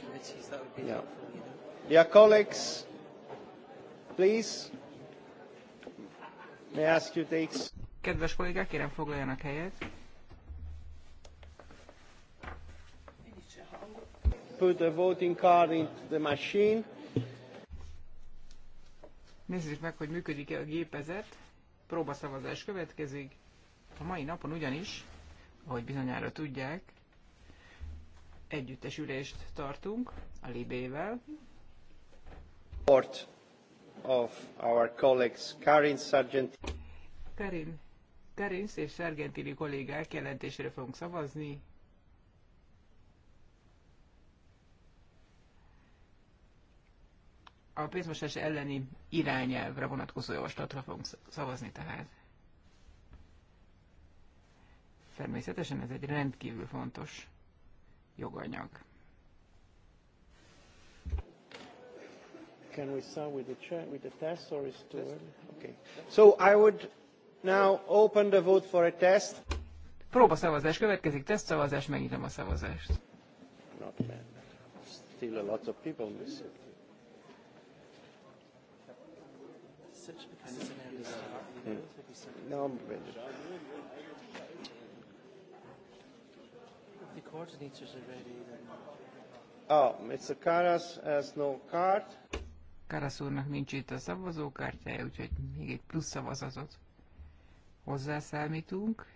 committees, that would be yeah. helpful, you know. colleagues, please, may I ask you to take... Kedves kollégák, kérem foglaljanak helyet. Put the voting card in the machine. Nézzük meg, hogy működik-e a gépezet. Próbaszavazás következik. A mai napon ugyanis, ahogy bizonyára tudják, együttesülést tartunk a Libével. Port of our colleagues Karin Sargent. Karin, Karin és Sargentini kollégák jelentésre fogunk szavazni. A pénzmosás elleni irányelvre vonatkozó javaslatra fogunk szavazni tehát. Természetesen ez egy rendkívül fontos joganyag. Can we start with the, chair, with the test or is it early? Okay. So I would now open the vote for a test. Próba szavazás következik, teszt szavazás, megnyitom a szavazást. Not bad. Still a lot of people missing. Hmm. No, I'm ready. the coordinators Oh, Mr. Karas has no card. Karas úrnak nincs itt a szavazókártyája, úgyhogy még egy plusz szavazatot hozzászámítunk.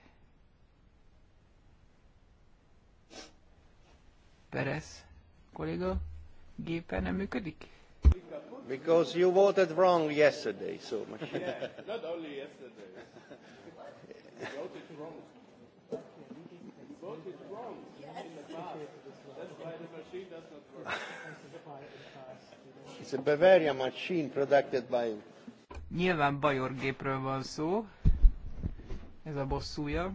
Perez kolléga gépen nem működik? Because you voted wrong yesterday, so much. yeah, not only yesterday. You voted wrong. It's a Bavaria machine produced by... Nyilván Bajor gépről van szó. Ez a bosszúja.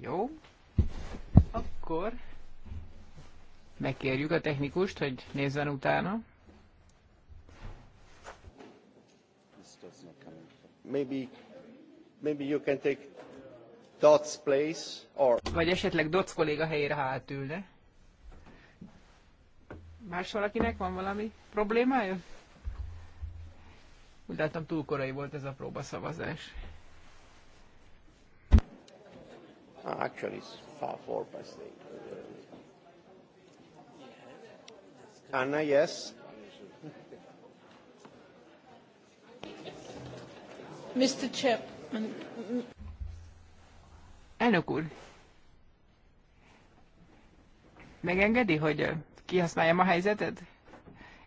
Jó. Akkor megkérjük a technikust, hogy nézzen utána. Maybe Maybe you can take Dot's place, or... Vagy esetleg Dot's kolléga helyére, ha átülne. Más valakinek van valami problémája? Úgy láttam, túl korai volt ez a próbaszavazás. Actually, it's far forward, Anna, yes? Mr. Chip. Elnök úr, megengedi, hogy kihasználjam a helyzetet?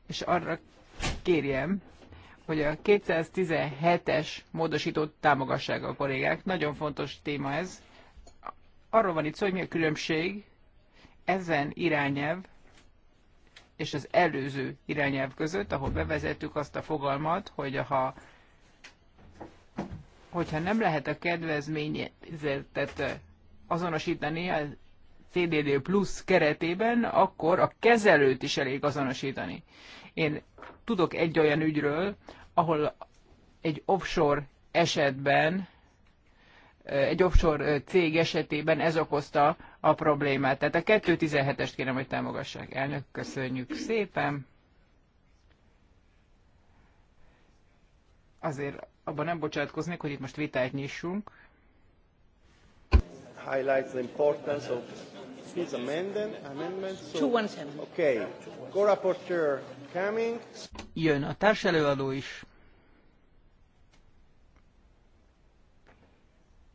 És arra kérjem, hogy a 217-es módosítót támogassák a kollégák. Nagyon fontos téma ez. Arról van itt szó, hogy mi a különbség ezen irányelv és az előző irányelv között, ahol bevezettük azt a fogalmat, hogy ha hogyha nem lehet a kedvezményezettet azonosítani a CDD plusz keretében, akkor a kezelőt is elég azonosítani. Én tudok egy olyan ügyről, ahol egy offshore esetben, egy offshore cég esetében ez okozta a problémát. Tehát a 2.17-est kérem, hogy támogassák. Elnök, köszönjük szépen. Azért abban nem bocsátkoznék, hogy itt most vitát nyissunk. Highlights the importance of this amendment. amendment so, 217. Okay. Co-rapporteur coming. Jön a társelőadó is.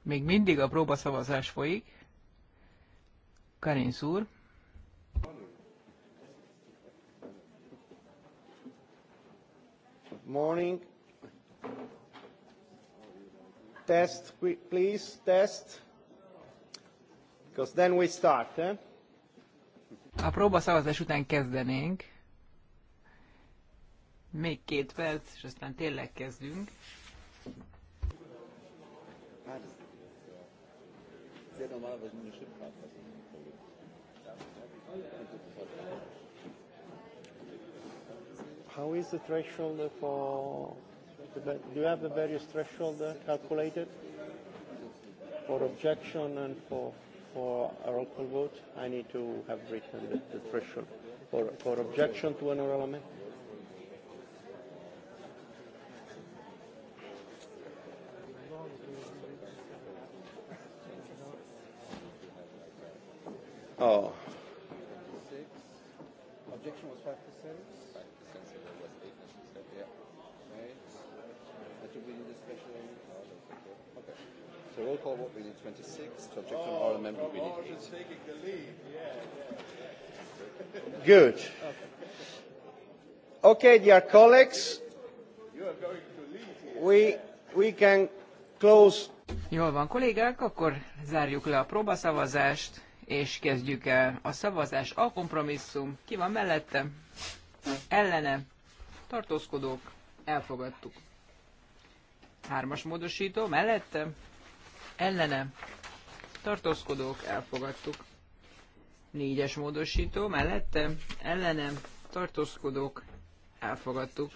Még mindig a próbaszavazás folyik. Karin úr. Morning. Test, please, test. Because then we start, eh? A próba szavazás után kezdenénk. Még két perc, és aztán tényleg kezdünk. How is the threshold for do you have the various threshold uh, calculated for objection and for for a roll call vote? I need to have written the, the threshold for for objection to an oral amendment. Oh. call vote, we need 26. To object to an oral amendment, we need 8. Good. Okay, dear colleagues, You are going to here. we, we can close. Jól van, kollégák, akkor zárjuk le a próbaszavazást, és kezdjük el a szavazás. A kompromisszum ki van mellette? Ellene. Tartózkodók. Elfogadtuk. Hármas módosító mellette? ellene tartózkodók elfogadtuk. Négyes módosító mellette ellene tartózkodók elfogadtuk.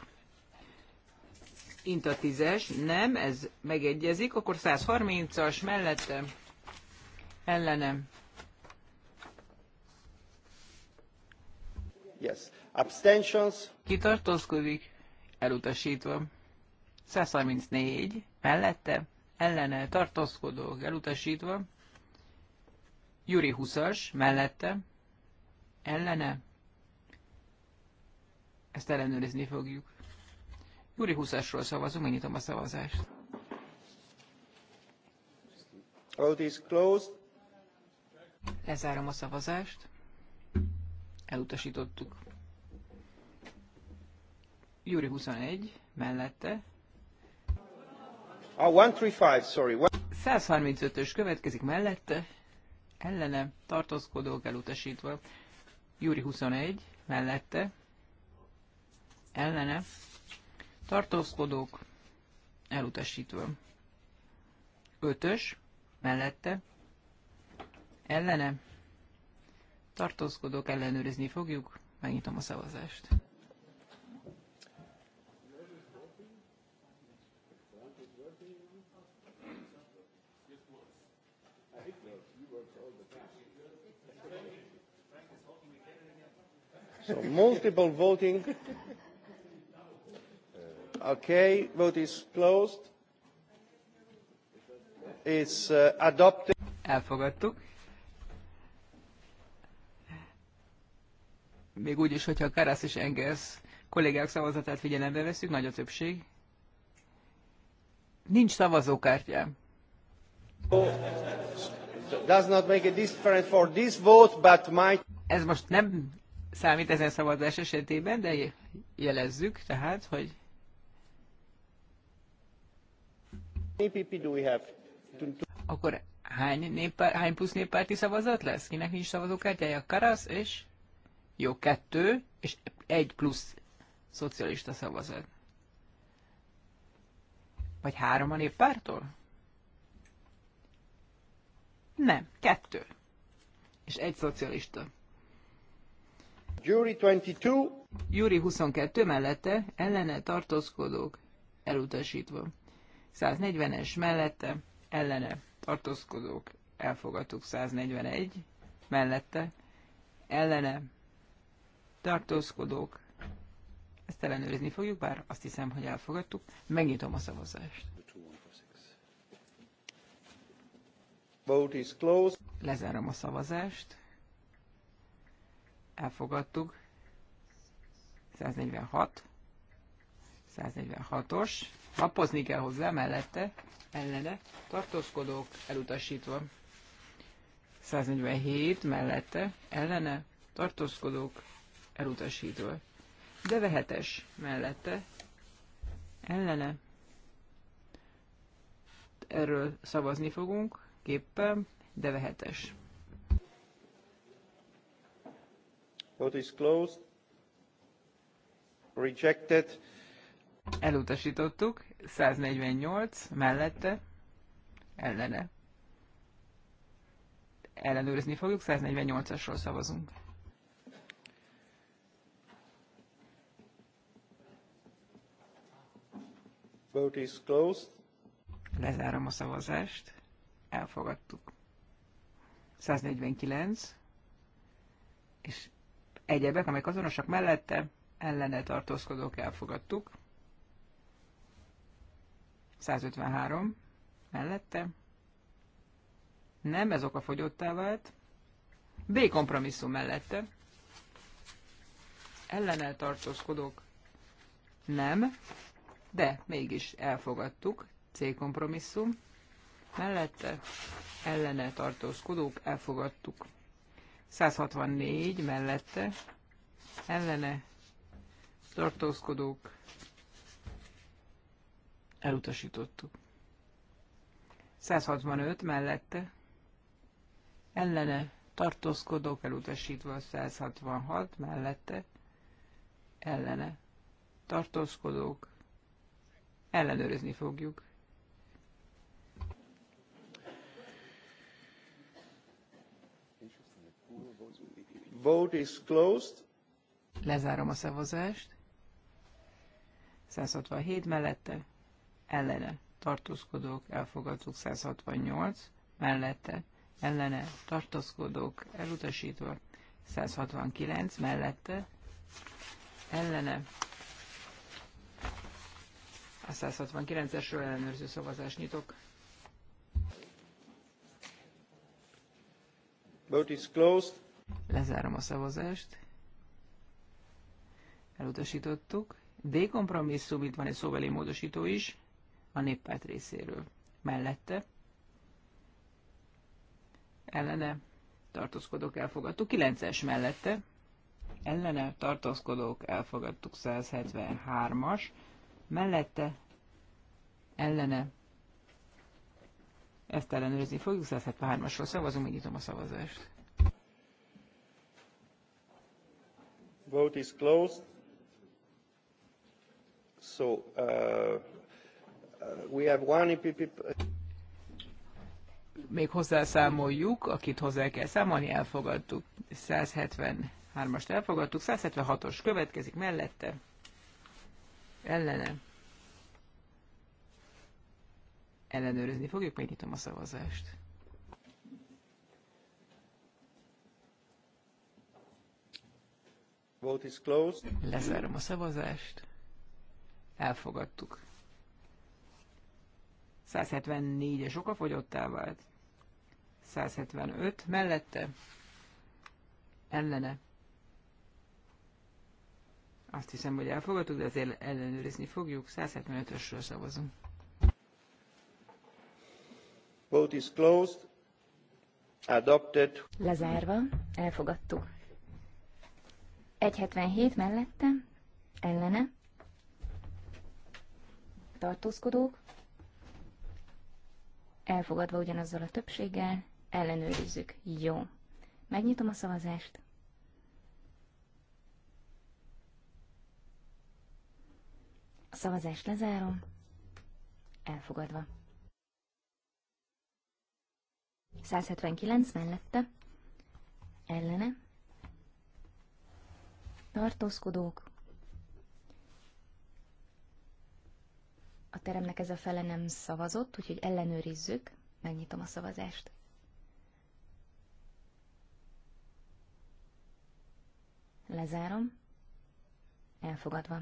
Inta a es nem, ez megegyezik, akkor 130-as mellette ellenem. Yes. Abstentions. Kitartózkodik, elutasítva. 134 mellette ellene tartózkodók elutasítva, Juri 20-as mellette, ellene, ezt ellenőrizni fogjuk. Juri 20-asról szavazunk, megnyitom a szavazást. Vote is closed. Lezárom a szavazást. Elutasítottuk. Júri 21 mellette 135, ah, sorry. 135-ös következik mellette, ellene tartózkodók elutasítva. Júri 21 mellette, ellene tartózkodók elutasítva. 5-ös mellette, ellene tartózkodók ellenőrizni fogjuk. Megnyitom a szavazást. So multiple voting. Okay, vote is closed. It's uh, adopted. Elfogadtuk. Még úgy is, hogyha Karász és Engels kollégák szavazatát figyelembe veszük, nagy a többség. Nincs szavazókártyám. Does not make a difference for this vote, but my... Ez most nem számít ezen szavazás esetében, de jelezzük tehát, hogy Akkor hány, néppár, hány plusz néppárti szavazat lesz? Kinek nincs szavazókártyája? Karasz és jó, kettő, és egy plusz szocialista szavazat. Vagy három a néppártól? Nem, kettő. És egy szocialista. Júri 22. mellette, ellene tartózkodók elutasítva. 140-es mellette, ellene tartózkodók elfogadtuk. 141 mellette, ellene tartózkodók. Ezt ellenőrizni fogjuk, bár azt hiszem, hogy elfogadtuk. Megnyitom a szavazást. Vote is closed. Lezárom a szavazást elfogadtuk. 146, 146-os, lapozni kell hozzá mellette, ellene, tartózkodók elutasítva. 147 mellette, ellene, tartózkodók elutasítva. De vehetes mellette, ellene. Erről szavazni fogunk, képpen, de vehetes. Vote is closed. Rejected. Elutasítottuk. 148 mellette. Ellene. Ellenőrizni fogjuk. 148-asról szavazunk. Vote is closed. Lezárom a szavazást. Elfogadtuk. 149 és egyebek, amelyek azonosak mellette ellene tartózkodók elfogadtuk. 153 mellette. Nem, ez oka fogyottá vált. B kompromisszum mellette. Ellene tartózkodók nem, de mégis elfogadtuk. C kompromisszum mellette ellene tartózkodók elfogadtuk. 164 mellette ellene tartózkodók elutasítottuk. 165 mellette ellene tartózkodók elutasítva 166 mellette ellene tartózkodók ellenőrizni fogjuk. Vote is closed. Lezárom a szavazást. 167 mellette, ellene tartózkodók, elfogadtuk 168, mellette, ellene tartózkodók, elutasítva 169, mellette, ellene a 169-esről ellenőrző szavazást nyitok. Vote is closed. Lezárom a szavazást. Elutasítottuk. D kompromisszum, itt van egy szóbeli módosító is, a néppárt részéről. Mellette. Ellene tartózkodók elfogadtuk. 9-es mellette. Ellene tartózkodók elfogadtuk 173-as. Mellette. Ellene. Ezt ellenőrizni fogjuk. 173-asról szavazunk, megnyitom a szavazást. Vote is closed. So uh, uh we have one EPP. Még hozzászámoljuk, akit hozzá kell számolni, elfogadtuk. 173-ast elfogadtuk, 176-os következik mellette. Ellene. Ellenőrizni fogjuk, megnyitom a szavazást. Vote is closed. Lezárom a szavazást. Elfogadtuk. 174-es okafogyottá vált. 175 mellette. Ellene. Azt hiszem, hogy elfogadtuk, de azért ellenőrizni fogjuk. 175-ösről szavazunk. Vote is closed. Adopted. Lezárva. Elfogadtuk. 177 mellette, ellene, tartózkodók, elfogadva ugyanazzal a többséggel, ellenőrizzük. Jó. Megnyitom a szavazást. A szavazást lezárom. Elfogadva. 179 mellette. Ellene tartózkodók. A teremnek ez a fele nem szavazott, úgyhogy ellenőrizzük, megnyitom a szavazást. Lezárom. Elfogadva.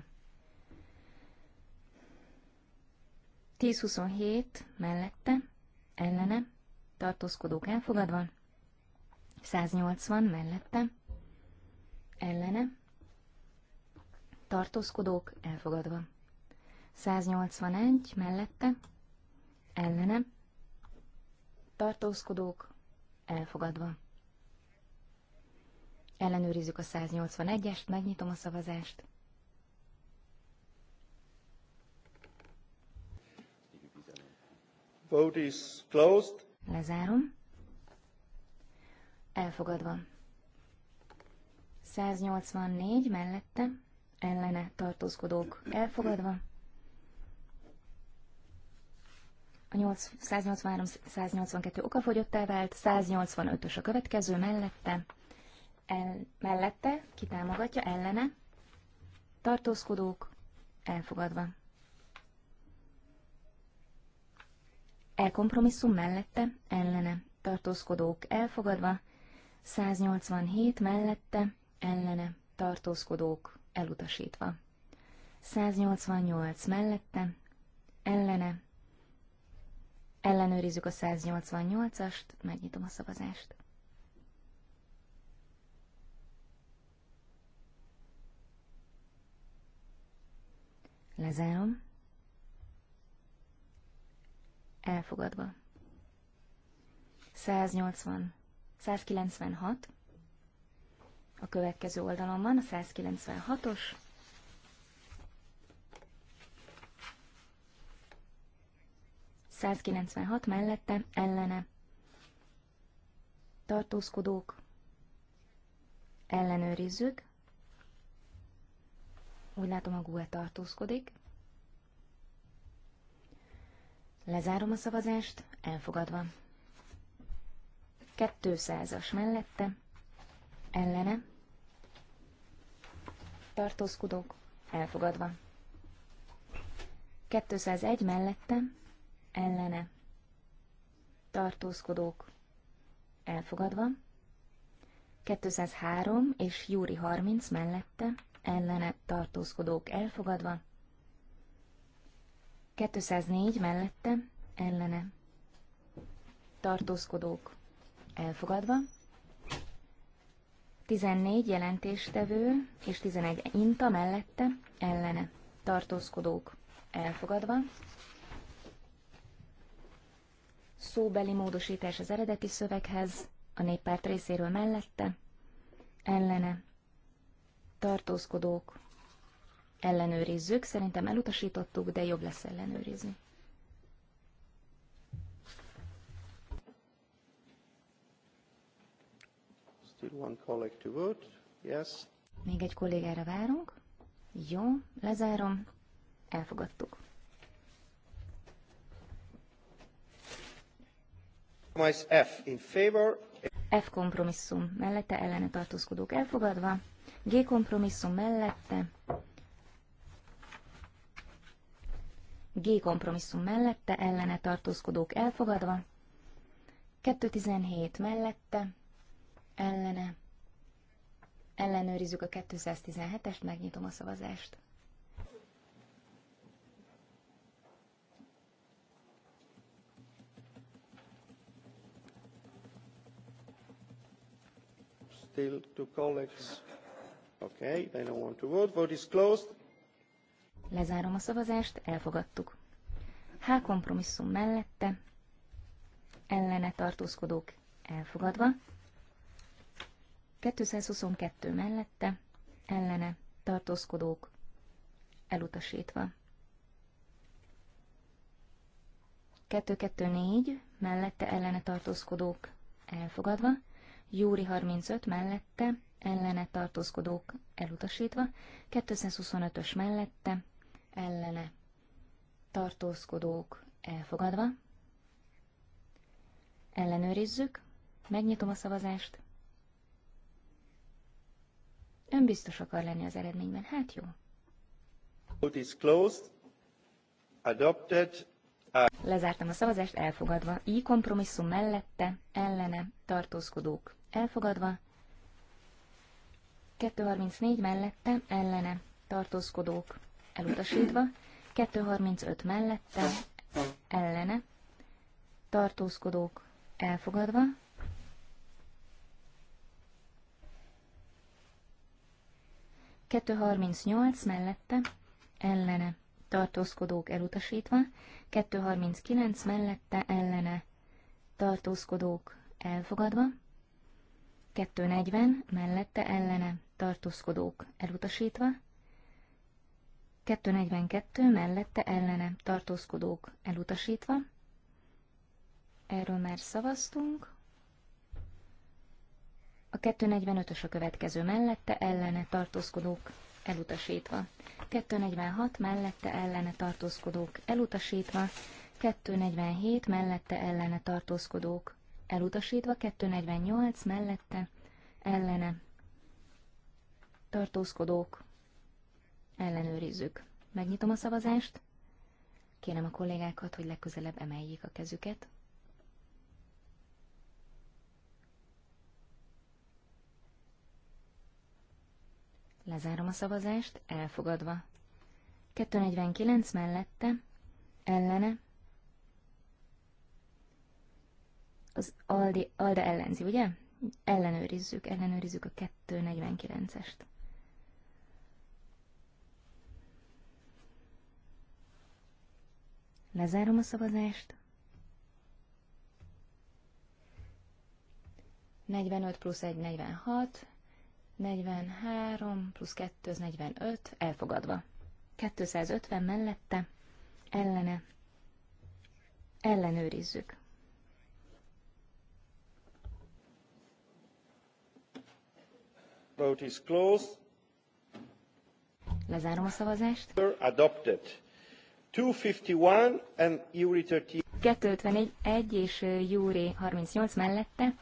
10-27 mellette, ellene, tartózkodók elfogadva, 180 mellette, ellene, tartózkodók elfogadva. 181 mellette, ellene, tartózkodók elfogadva. Ellenőrizzük a 181-est, megnyitom a szavazást. Vote is closed. Lezárom. Elfogadva. 184 mellette, ellene tartózkodók elfogadva. A 183-182 okafogyottá vált, 185-ös a következő mellette, el, mellette kitámogatja ellene tartózkodók elfogadva. Elkompromisszum mellette ellene tartózkodók elfogadva, 187 mellette ellene tartózkodók elutasítva. 188 mellette, ellene, ellenőrizzük a 188-ast, megnyitom a szavazást. Lezárom. Elfogadva. 180. 196 a következő oldalon van, a 196-os. ...196 mellette, ellene. Tartózkodók. Ellenőrizzük. Úgy látom, a GUE tartózkodik. Lezárom a szavazást, elfogadva. 200-as mellette, ellene, tartózkodók elfogadva. 201 mellettem, ellene tartózkodók elfogadva. 203 és Júri 30 mellette ellene tartózkodók elfogadva. 204 mellette ellene tartózkodók elfogadva. 14 jelentéstevő és 11 inta mellette ellene tartózkodók elfogadva. Szóbeli módosítás az eredeti szöveghez, a néppárt részéről mellette, ellene tartózkodók ellenőrizzük. Szerintem elutasítottuk, de jobb lesz ellenőrizni. Still one colleague to vote. Yes. Még egy kollégára várunk. Jó, lezárom. Elfogadtuk. F in favor. F kompromisszum mellette ellene tartózkodók elfogadva. G kompromisszum mellette. G kompromisszum mellette ellene tartózkodók elfogadva. 217 mellette ellene. Ellenőrizzük a 217-est, megnyitom a szavazást. Still to colleagues. Okay, they don't want to vote. Vote is closed. Lezárom a szavazást, elfogadtuk. H kompromisszum mellette, ellene tartózkodók elfogadva, 222 mellette, ellene, tartózkodók, elutasítva. 224 mellette, ellene tartózkodók, elfogadva. Júri 35 mellette, ellene tartózkodók, elutasítva. 225-ös mellette, ellene tartózkodók, elfogadva. Ellenőrizzük, megnyitom a szavazást. Ön biztos akar lenni az eredményben, hát jó. Uh, Lezártam a szavazást, elfogadva. I kompromisszum mellette, ellene, tartózkodók. Elfogadva. 234 mellette, ellene, tartózkodók. Elutasítva. 235 mellette, ellene, tartózkodók. Elfogadva. 238 mellette, ellene, tartózkodók elutasítva, 239 mellette, ellene, tartózkodók elfogadva, 240 mellette, ellene, tartózkodók elutasítva, 242 mellette, ellene, tartózkodók elutasítva, erről már szavaztunk, a 245-ös a következő mellette ellene tartózkodók elutasítva. 246 mellette ellene tartózkodók elutasítva. 247 mellette ellene tartózkodók elutasítva. 248 mellette ellene tartózkodók ellenőrizzük. Megnyitom a szavazást. Kérem a kollégákat, hogy legközelebb emeljék a kezüket. Lezárom a szavazást, elfogadva. 249 mellette, ellene. Az Aldi, Alda ellenzi, ugye? Ellenőrizzük, ellenőrizzük a 249-est. Lezárom a szavazást. 45 plusz 1, 46. 43 plusz 2, az 45, elfogadva. 250 mellette, ellene, ellenőrizzük. Vote is closed. Lezárom a szavazást. Adopted. 251 and Júri 30. 251 és Júri 38 mellette,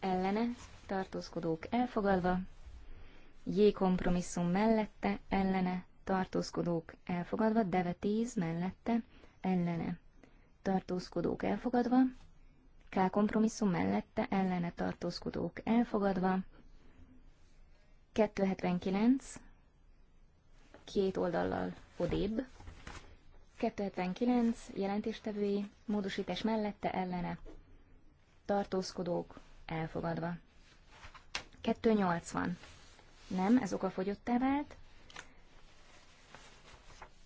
ellene, tartózkodók elfogadva, J kompromisszum mellette, ellene, tartózkodók elfogadva, Deve 10 mellette, ellene, tartózkodók elfogadva, K kompromisszum mellette, ellene, tartózkodók elfogadva, 279, két oldallal odébb, 279 jelentéstevői, módosítás mellette, ellene, tartózkodók elfogadva. 280. Nem, ez okafogyottá vált.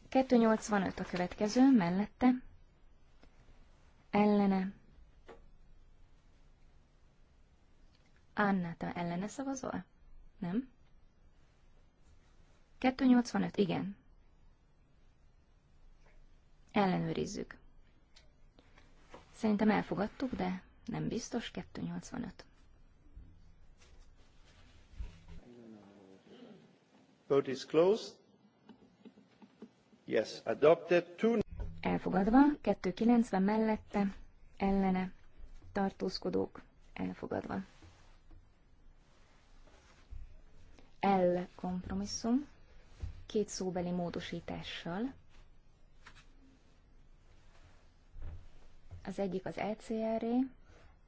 285 a következő, mellette. Ellene. Anna, te ellene szavazol? Nem? 285, igen. Ellenőrizzük. Szerintem elfogadtuk, de nem biztos, 285. Vote is closed. Yes, adopted. Two... Elfogadva, 290 mellette, ellene, tartózkodók, elfogadva. L kompromisszum, két szóbeli módosítással. Az egyik az ECR-é, e,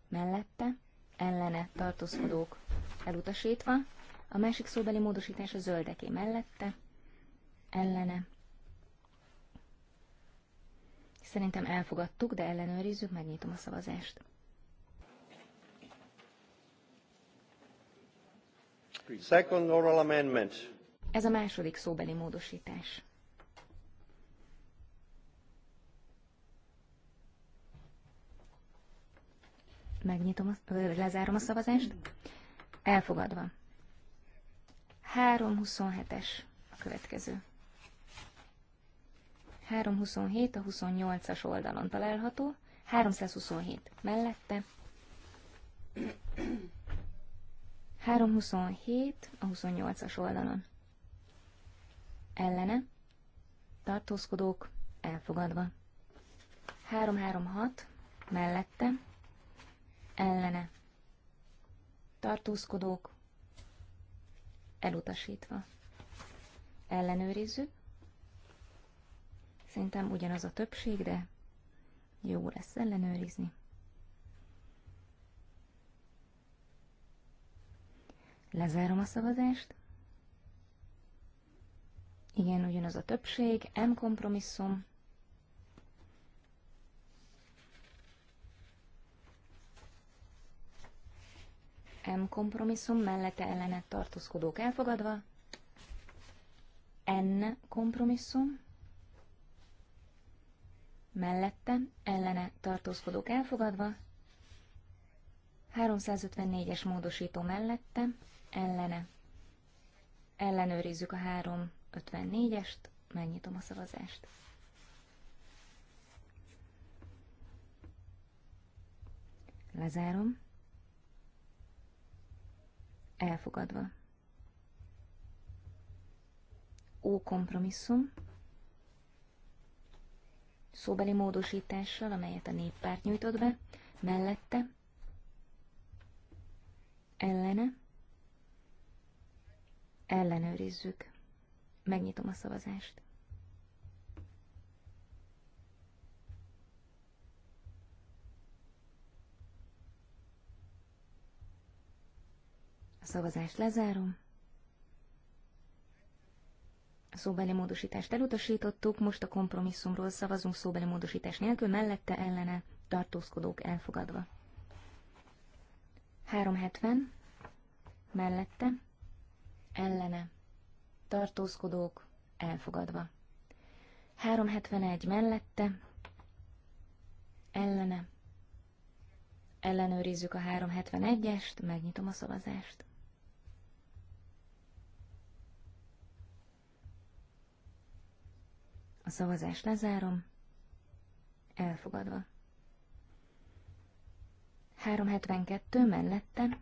mellette, ellene tartózkodók elutasítva, a másik szóbeli módosítás a zöldeké mellette, ellene. Szerintem elfogadtuk, de ellenőrizzük, megnyitom a szavazást. Second oral amendment. Ez a második szóbeli módosítás. Megnyitom, a, lezárom a szavazást. Elfogadva. 327-es a következő. 327 a 28-as oldalon található, 327 mellette, 327 a 28-as oldalon. Ellene, tartózkodók, elfogadva. 336 mellette, ellene, tartózkodók, elutasítva. Ellenőrizzük. Szerintem ugyanaz a többség, de jó lesz ellenőrizni. Lezárom a szavazást. Igen, ugyanaz a többség, M kompromisszum, M kompromisszum mellette ellenet tartózkodók elfogadva, N kompromisszum mellette ellene tartózkodók elfogadva, 354-es módosító mellette ellene. Ellenőrizzük a 354-est, megnyitom a szavazást. Lezárom elfogadva. Ó kompromisszum, szóbeli módosítással, amelyet a néppárt nyújtott be, mellette, ellene, ellenőrizzük. Megnyitom a szavazást. Szavazást lezárom. A szóbeli módosítást elutasítottuk, most a kompromisszumról szavazunk szóbeli módosítás nélkül, mellette ellene tartózkodók elfogadva. 370, mellette, ellene, tartózkodók elfogadva. 371 mellette, ellene, ellenőrizzük a 371-est, megnyitom a szavazást. A szavazást lezárom. Elfogadva. 372 mellette,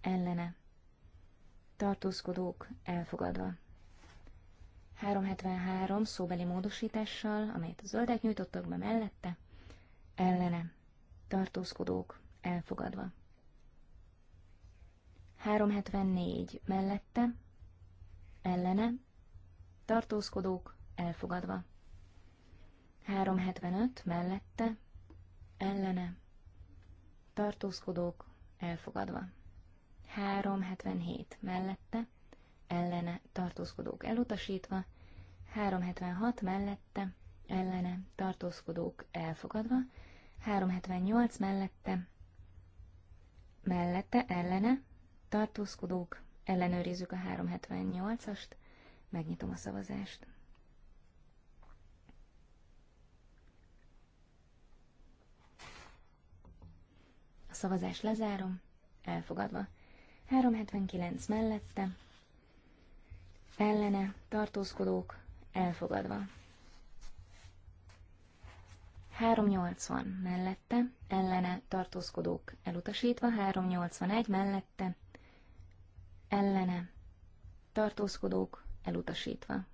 ellene. Tartózkodók elfogadva. 373 szóbeli módosítással, amelyet a zöldek nyújtottak be mellette, ellene. Tartózkodók elfogadva. 374 mellette, ellene. Tartózkodók elfogadva. 375 mellette, ellene, tartózkodók, elfogadva. 377 mellette, ellene, tartózkodók elutasítva. 376 mellette, ellene, tartózkodók elfogadva. 378 mellette, mellette, ellene, tartózkodók, ellenőrizzük a 378-ast, megnyitom a szavazást. szavazást lezárom, elfogadva. 379 mellette, ellene, tartózkodók, elfogadva. 380 mellette, ellene, tartózkodók, elutasítva. 381 mellette, ellene, tartózkodók, elutasítva.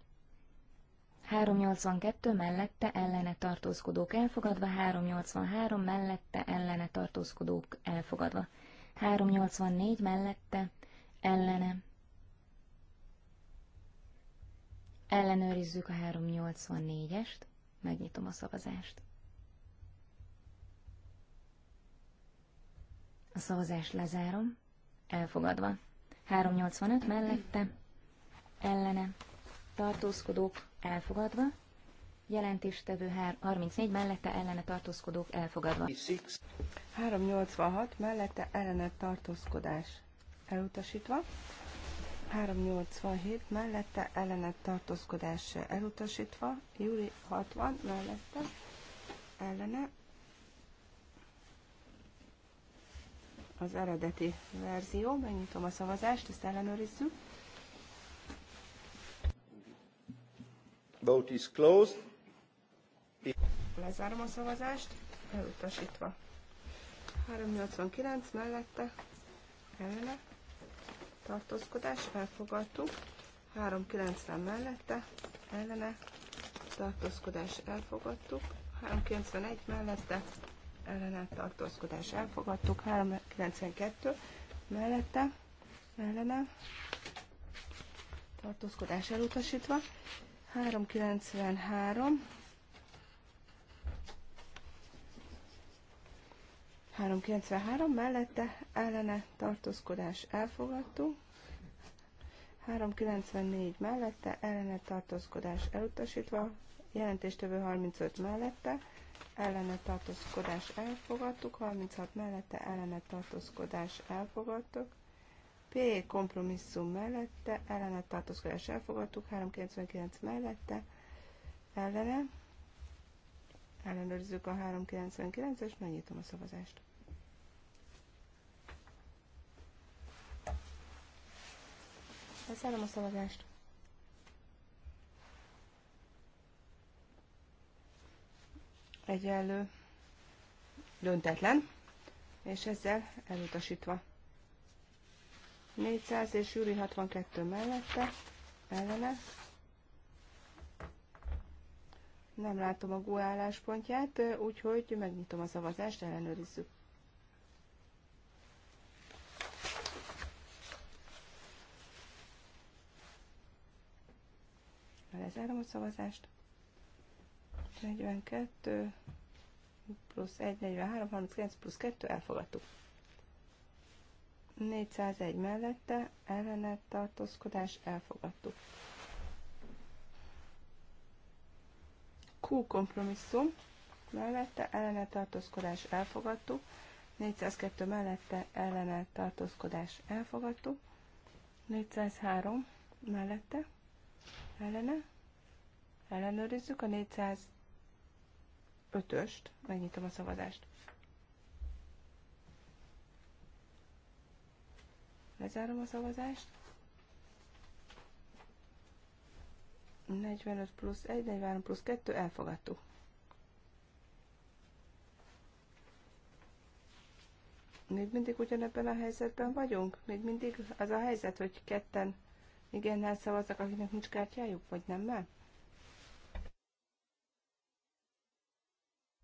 382 mellette ellene tartózkodók elfogadva, 383 mellette ellene tartózkodók elfogadva, 384 mellette ellene. Ellenőrizzük a 384-est, megnyitom a szavazást. A szavazást lezárom, elfogadva. 385 mellette, ellene, tartózkodók, elfogadva, jelentéstevő 34 mellette ellene tartózkodók elfogadva. 386 mellette ellene tartózkodás elutasítva, 387 mellette ellene tartózkodás elutasítva, júli 60 mellette ellene az eredeti verzió, megnyitom a szavazást, ezt ellenőrizzük. Vote is closed. Lezárom a szavazást, elutasítva. 389 mellette, ellene, tartózkodás, elfogadtuk. 390 mellette, ellene, tartózkodás, elfogadtuk. 391 mellette, ellene, tartózkodás, elfogadtuk. 392 mellette, ellene, tartózkodás elutasítva. 393. 393 mellette ellene tartózkodás elfogadtuk. 394 mellette ellene tartózkodás elutasítva. Jelentéstevő 35 mellette ellene tartózkodás elfogadtuk. 36 mellette ellene tartózkodás elfogadtuk. P kompromisszum mellette, ellene tartózkodás elfogadtuk, 399 mellette, ellene, ellenőrizzük a 399-es, megnyitom a szavazást. Leszállom a szavazást. Egyenlő döntetlen, és ezzel elutasítva. 400 és Júri 62 mellette, ellene. Nem látom a GUE álláspontját, úgyhogy megnyitom a szavazást, ellenőrizzük. Lezárom a szavazást. 42 plusz 1, 43, 39 plusz 2, elfogadtuk. 401 mellette ellenet tartózkodás elfogadtuk. Q kompromisszum mellette ellenet tartózkodás elfogadtuk. 402 mellette ellenet tartózkodás elfogadtuk. 403 mellette ellene ellenőrizzük a 405-öst. Megnyitom a szavazást. Lezárom a szavazást. 45 plusz 1, 43 plusz 2, elfogadtuk. Még mindig ugyanebben a helyzetben vagyunk? Még mindig az a helyzet, hogy ketten igennel szavaznak, akinek nincs kártyájuk, vagy nem már?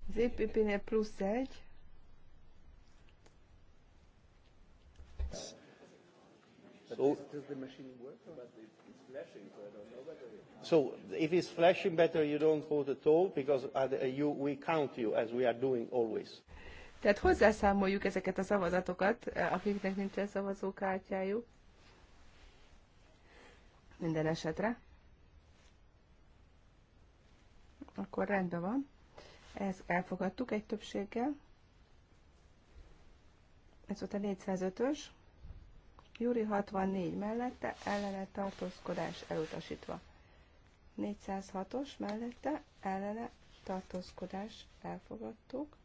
Az EPP-nél plusz 1, So, does the machine work? But it's flashing, so I don't know whether it's So if it's flashing better, you don't vote at all because uh, you, we count you as we are doing always. Tehát hozzászámoljuk ezeket a szavazatokat, eh, akiknek nincsen szavazókártyájuk. Minden esetre. Akkor rendben van. Ezt elfogadtuk egy többséggel. Ez volt a 405-ös. Júri 64 mellette, ellene tartózkodás elutasítva. 406-os mellette, ellene tartózkodás elfogadtuk.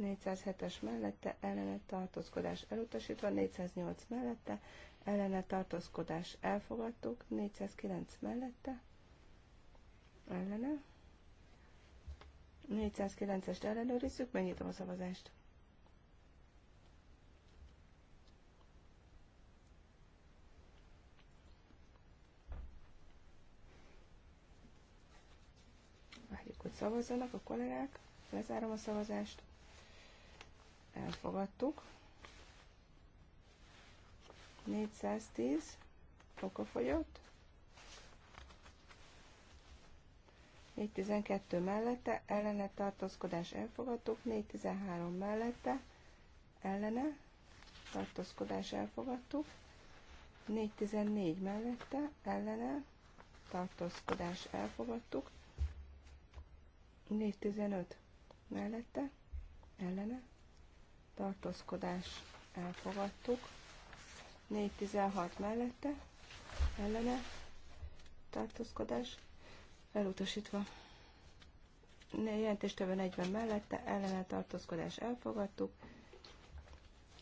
407-es mellette, ellene tartózkodás elutasítva, 408 mellette, ellene tartózkodás elfogadtuk, 409 mellette, ellene. 409-est ellenőrizzük, megnyitom a szavazást. hogy szavazzanak a kollégák. Lezárom a szavazást. Elfogadtuk. 410 fogyott. 412 mellette, ellene tartózkodás elfogadtuk, 413 mellette, ellene tartózkodás elfogadtuk, 414 mellette, ellene tartózkodás elfogadtuk, 415 mellette, ellene, tartózkodás elfogadtuk, 416 mellette, ellene, tartózkodás elutasítva. Jelentéstevő 40 mellette, ellene tartózkodás elfogadtuk,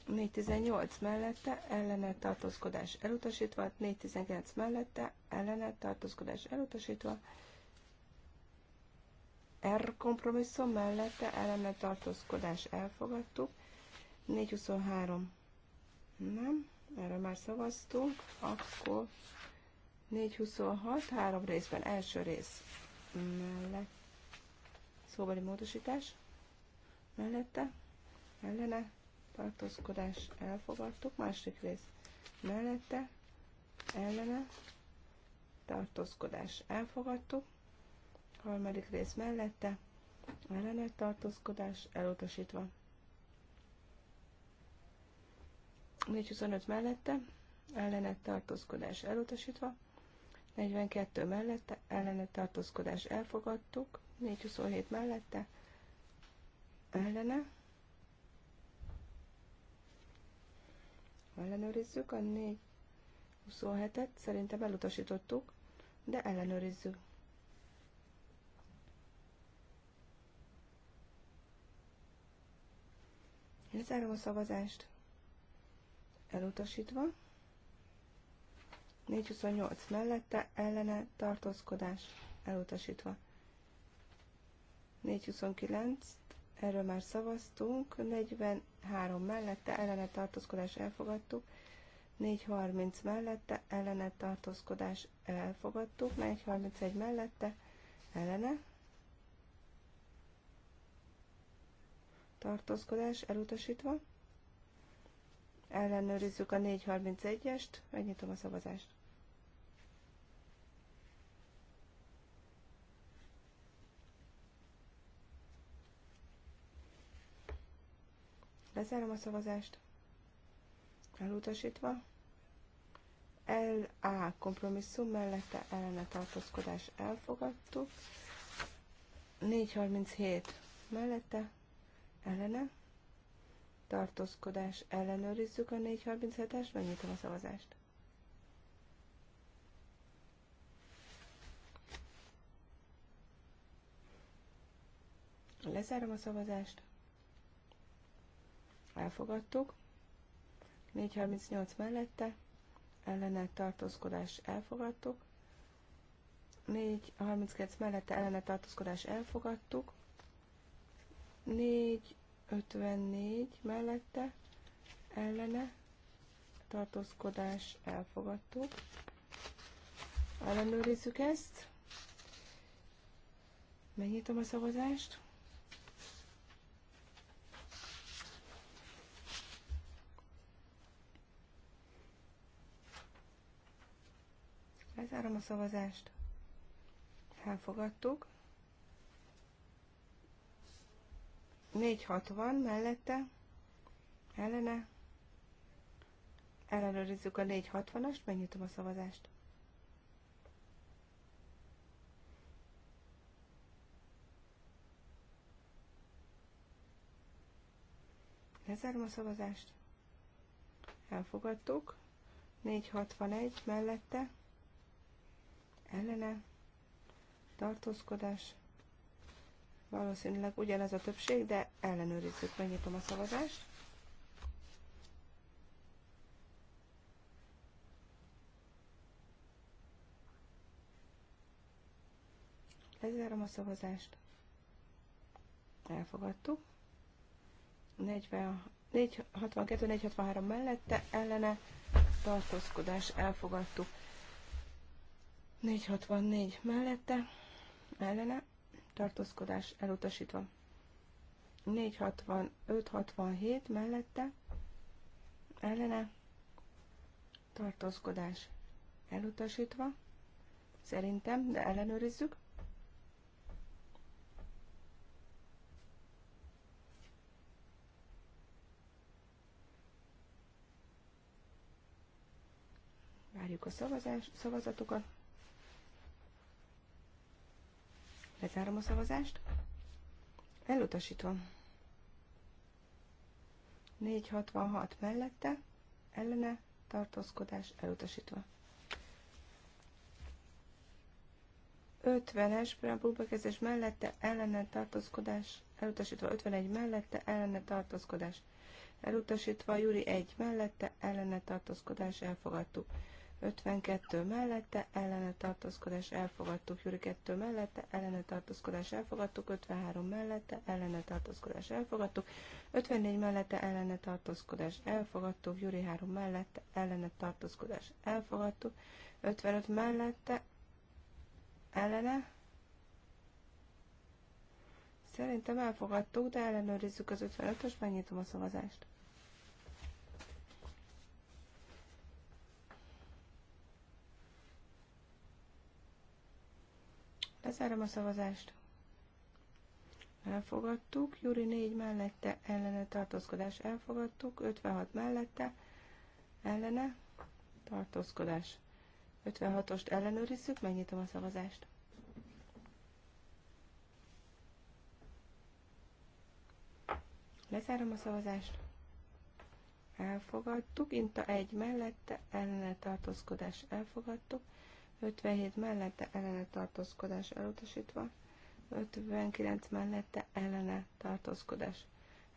418 mellette, ellene tartózkodás elutasítva, 419 mellette, ellene tartózkodás elutasítva, R kompromisszum mellette ellene tartózkodás elfogadtuk. 423 nem, erről már szavaztunk, akkor 426, három részben, első rész mellett, szóbeli módosítás mellette, ellene, tartózkodás elfogadtuk, másik rész mellette, ellene, tartózkodás elfogadtuk, harmadik rész mellette, ellenőtt tartózkodás elutasítva. 425 mellette, ellene tartózkodás elutasítva. 42 mellette, ellene tartózkodás elfogadtuk. 427 mellette, ellene. Ellenőrizzük a 427-et, szerintem elutasítottuk, de ellenőrizzük. Lezárom a szavazást. Elutasítva. 428 mellette ellene tartózkodás elutasítva. 429, erről már szavaztunk, 43 mellette ellene tartózkodás elfogadtuk, 430 mellette ellene tartózkodás elfogadtuk, 431 mellette ellene tartózkodás elutasítva. Ellenőrizzük a 431-est, megnyitom a szavazást. Lezárom a szavazást. Elutasítva. LA kompromisszum mellette ellene tartózkodás elfogadtuk. 437 mellette ellene. Tartózkodás ellenőrizzük a 437 es megnyitom a szavazást. Lezárom a szavazást. Elfogadtuk. 438 mellette ellene tartózkodás elfogadtuk. 432 mellette ellene tartózkodás elfogadtuk. 454 mellette ellene tartózkodás elfogadtuk. Ellenőrizzük ezt. Megnyitom a szavazást. Lezárom a szavazást. Elfogadtuk. 460 mellette, ellene, ellenőrizzük a 460-ast, megnyitom a szavazást. Lezárom a szavazást. Elfogadtuk. 461 mellette, ellene, tartózkodás, Valószínűleg ugyanez a többség, de ellenőrizzük, megnyitom a szavazást. Lezárom a szavazást. Elfogadtuk. 40, 462, 463 mellette ellene tartózkodás elfogadtuk. 464 mellette ellene tartózkodás elutasítva. 46567 mellette, ellene, tartózkodás elutasítva, szerintem, de ellenőrizzük. Várjuk a szavazás, szavazatokat. Lezárom a szavazást. Elutasítva. 466 mellette, ellene, tartózkodás elutasítva. 50-es bubekezés mellette ellene tartózkodás elutasítva, 51 mellette ellene tartózkodás elutasítva, Júri 1 mellette ellene tartózkodás elfogadtuk. 52 mellette ellene tartózkodás elfogadtuk, Júri 2 mellette ellene tartózkodás elfogadtuk, 53 mellette ellene tartózkodás elfogadtuk, 54 mellette ellene tartózkodás elfogadtuk, Júri 3 mellette ellene tartózkodás elfogadtuk, 55 mellette ellene Szerintem elfogadtuk, de ellenőrizzük az 55-ös, megnyitom a szavazást. Lezárom a szavazást. Elfogadtuk. Júri 4 mellette ellene tartózkodás elfogadtuk. 56 mellette ellene tartózkodás. 56-ost ellenőrizzük, megnyitom a szavazást. Lezárom a szavazást. Elfogadtuk. Inta 1 mellette ellene tartózkodás elfogadtuk. 57 mellette ellene tartózkodás elutasítva, 59 mellette ellene tartózkodás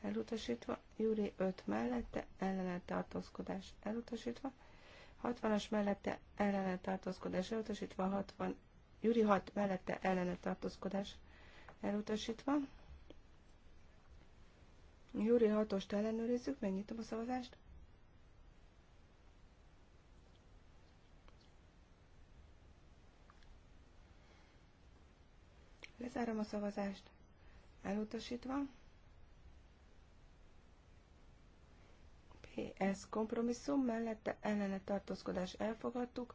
elutasítva, Júri 5 mellette ellene tartózkodás elutasítva, 60-as mellette ellene tartózkodás elutasítva, 60, Júri 6 mellette ellene tartózkodás elutasítva. Júri 6-ost ellenőrizzük, megnyitom a szavazást. Lezárom a szavazást. Elutasítva. PS kompromisszum mellette ellene tartózkodás elfogadtuk.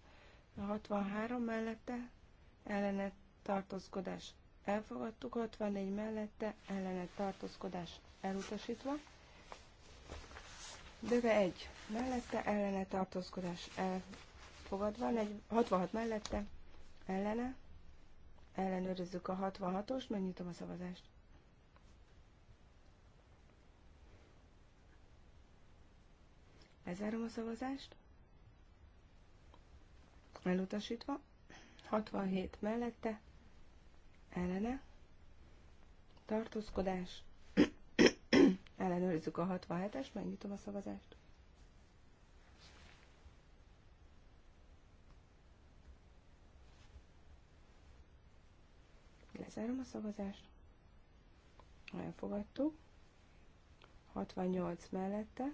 A 63 mellette ellene tartózkodás elfogadtuk. 64 mellette ellene tartózkodás elutasítva. Döve 1 mellette ellene tartózkodás elfogadva. 66 mellette ellene Ellenőrizzük a 66-ost, megnyitom a szavazást. Lezárom a szavazást. Elutasítva. 67 mellette. Ellene. Tartózkodás. Ellenőrizzük a 67-est, megnyitom a szavazást. Lezárom a szavazást. Elfogadtuk. 68 mellette,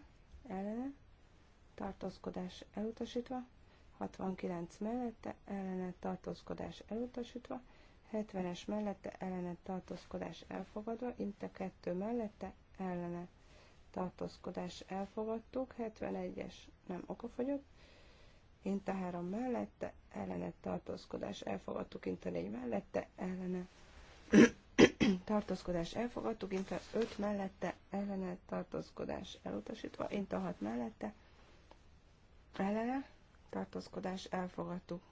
ellene, tartózkodás elutasítva. 69 mellette, ellene, tartózkodás elutasítva. 70-es mellette, ellene, tartózkodás elfogadva. Inte 2 mellette, ellene, tartózkodás elfogadtuk. 71-es nem okafogyott. Inta 3 mellette, ellene tartózkodás, elfogadtuk Inta 4 mellette, ellene tartózkodás elfogadtuk, Inta 5 mellette ellene tartózkodás elutasítva, Inta 6 mellette ellene tartózkodás elfogadtuk.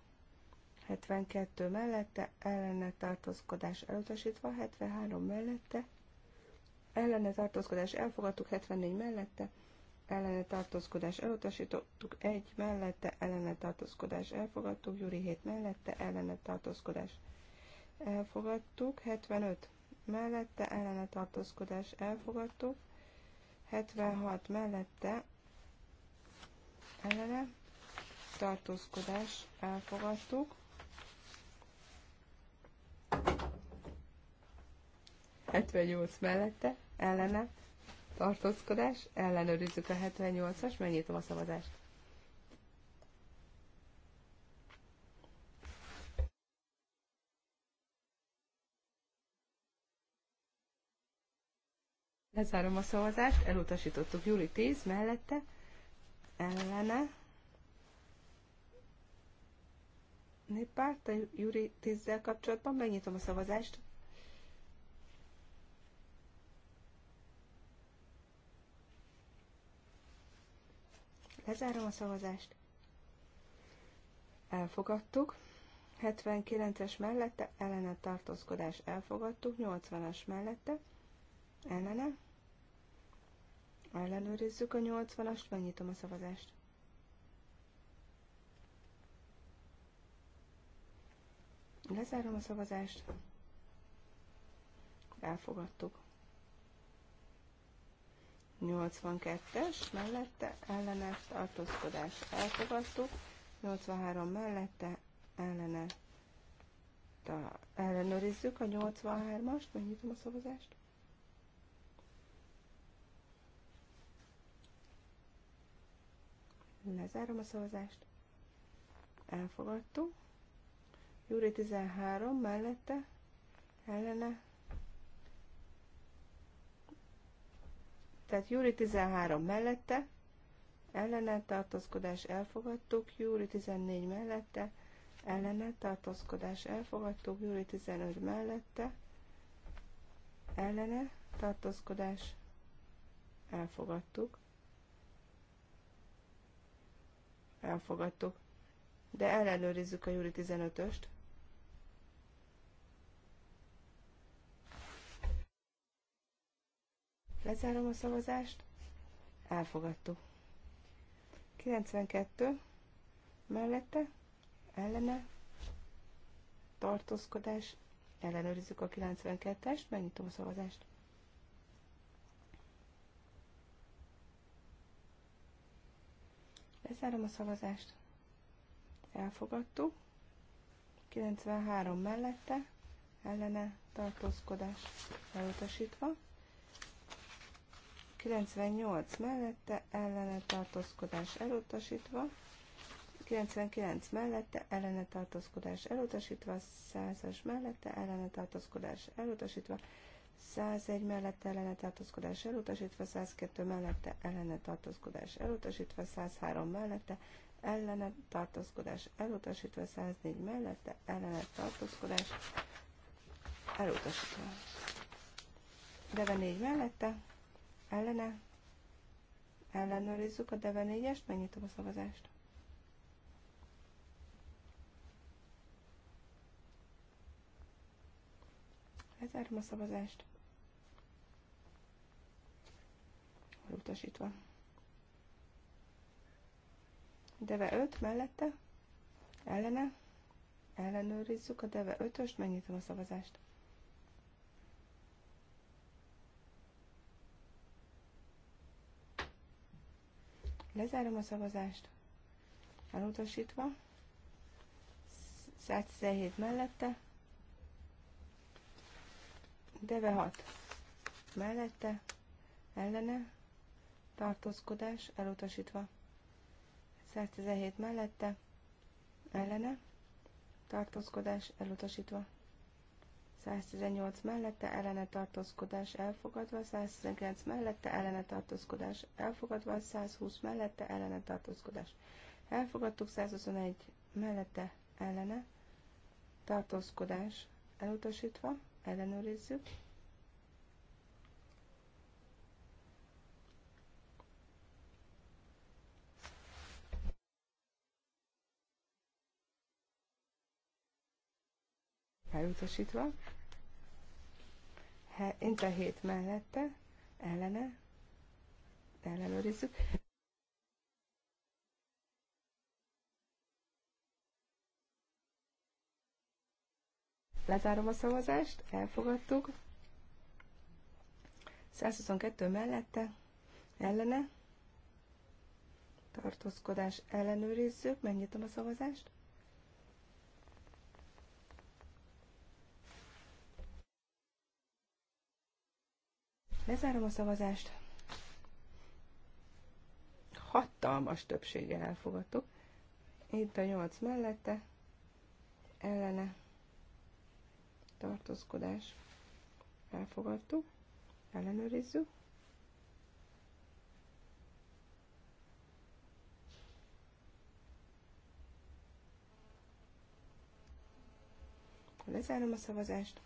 72 mellette ellene tartózkodás elutasítva, 73 mellette ellene tartózkodás elfogadtuk, 74 mellette ellene tartózkodás elutasítottuk, 1 mellette ellene tartózkodás elfogadtuk, Júri 7 mellette ellene tartózkodás elutasítottuk elfogadtuk, 75 mellette ellene tartózkodás elfogadtuk, 76 mellette ellene tartózkodás elfogadtuk, 78 mellette ellene tartózkodás, ellenőrizzük a 78-as, megnyitom a szavazást. Lezárom a szavazást, elutasítottuk Júli 10 mellette, ellene. Néppárt a Júli 10-zel kapcsolatban, megnyitom a szavazást. Lezárom a szavazást. Elfogadtuk. 79-es mellette ellene tartózkodás elfogadtuk, 80-as mellette ellene Ellenőrizzük a 80-ast, megnyitom a szavazást. Lezárom a szavazást. Elfogadtuk. 82-es mellette ellene tartózkodás elfogadtuk. 83 mellette ellene ta, ellenőrizzük a 83-ast, megnyitom a szavazást. Lezárom a szavazást. Elfogadtuk. Júri 13 mellette, ellene. Tehát Júri 13 mellette, ellene tartózkodás elfogadtuk, Júri 14 mellette, ellene tartózkodás elfogadtuk, Júri 15 mellette, ellene tartózkodás elfogadtuk, elfogadtuk. De ellenőrizzük a júli 15-öst. Lezárom a szavazást. Elfogadtuk. 92 mellette, ellene, tartózkodás, ellenőrizzük a 92-est, megnyitom a szavazást. Lezárom a szavazást. Elfogadtuk. 93 mellette, ellene tartózkodás elutasítva. 98 mellette, ellene tartózkodás elutasítva. 99 mellette ellene tartózkodás elutasítva, 100-as mellette ellene tartózkodás elutasítva, 101 mellette ellene tartózkodás elutasítva, 102 mellette ellene tartózkodás elutasítva, 103 mellette ellene tartózkodás elutasítva, 104 mellette ellene tartózkodás elutasítva. Deve 4 mellette ellene ellenőrizzük a Deve 4-est, megnyitom a szavazást. Lezárom a szavazást. Elutasítva. Deve 5 mellette, ellene, ellenőrizzük a Deve 5-öst, megnyitom a szavazást. Lezárom a szavazást, elutasítva, 117 mellette, Deve 6 mellette, ellene, tartózkodás elutasítva. 117 mellette, ellene, tartózkodás elutasítva. 118 mellette ellene tartózkodás elfogadva, 119 mellette ellene tartózkodás elfogadva, 120 mellette ellene tartózkodás. Elfogadtuk 121 mellette ellene tartózkodás elutasítva, ellenőrizzük. Elutasítva. Inter 7 mellette, ellene, ellenőrizzük. Lezárom a szavazást, elfogadtuk. 122 mellette, ellene, tartózkodás ellenőrizzük, megnyitom a szavazást. Lezárom a szavazást. Hatalmas többséggel elfogadtuk. Itt a 8 mellette, ellene tartózkodás elfogadtuk, ellenőrizzük. Lezárom a szavazást,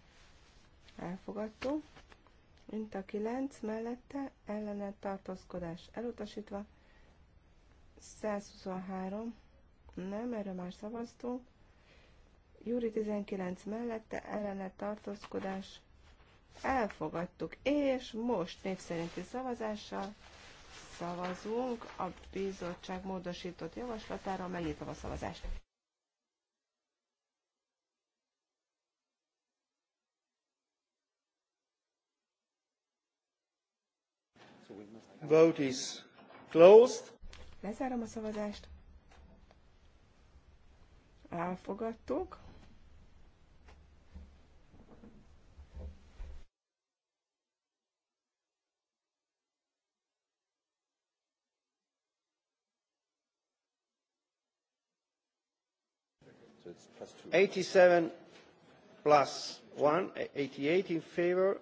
elfogadtuk. Mint a 9 mellette ellene tartózkodás elutasítva, 123, nem, erre már szavaztunk, Júri 19 mellette ellene tartózkodás elfogadtuk, és most név szerinti szavazással szavazunk a bizottság módosított javaslatára, megnyitom a szavazást. Vote is closed. Lezárom a szavazást. Elfogadtuk. 87 plus 1, 88 in favor.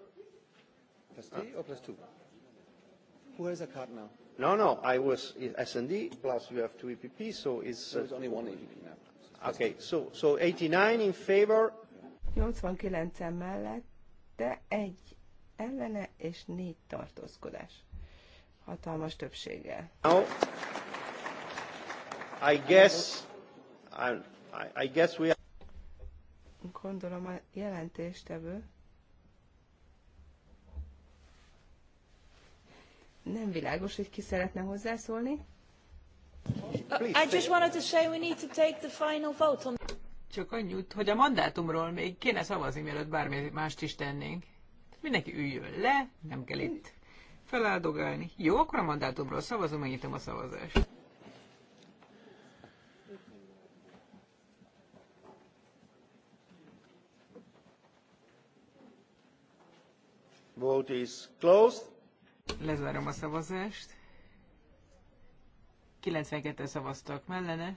Plus 3 or plus 2? Who has a card now? No, no, I was S&D plus you have two EPP, so it's... So it's only one EPP now. Uh, okay, so, so 89 in favor. 89 mellett, de egy ellene és négy tartózkodás. Hatalmas többséggel. Now, I guess, I'm I, guess we Gondolom a jelentéstevő nem világos, hogy ki szeretne hozzászólni. I just wanted to say we need to take the final vote on... Csak annyit, hogy a mandátumról még kéne szavazni, mielőtt bármi mást is tennénk. Mindenki üljön le, nem kell itt feláldogálni. Jó, akkor a mandátumról szavazom, megnyitom a szavazást. Vote is closed. Lezárom a szavazást. 92 szavaztak mellene.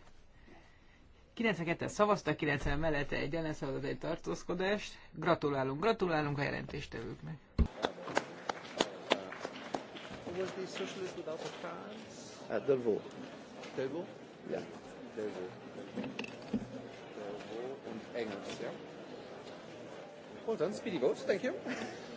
92 szavaztak, 90 mellette egy ellenszavazat, egy tartózkodást. Gratulálunk, gratulálunk a jelentéstevőknek. Was the socialist without a cards? At the vote. Yeah. The vote. and Engels, yeah. Well done, speedy vote, thank you.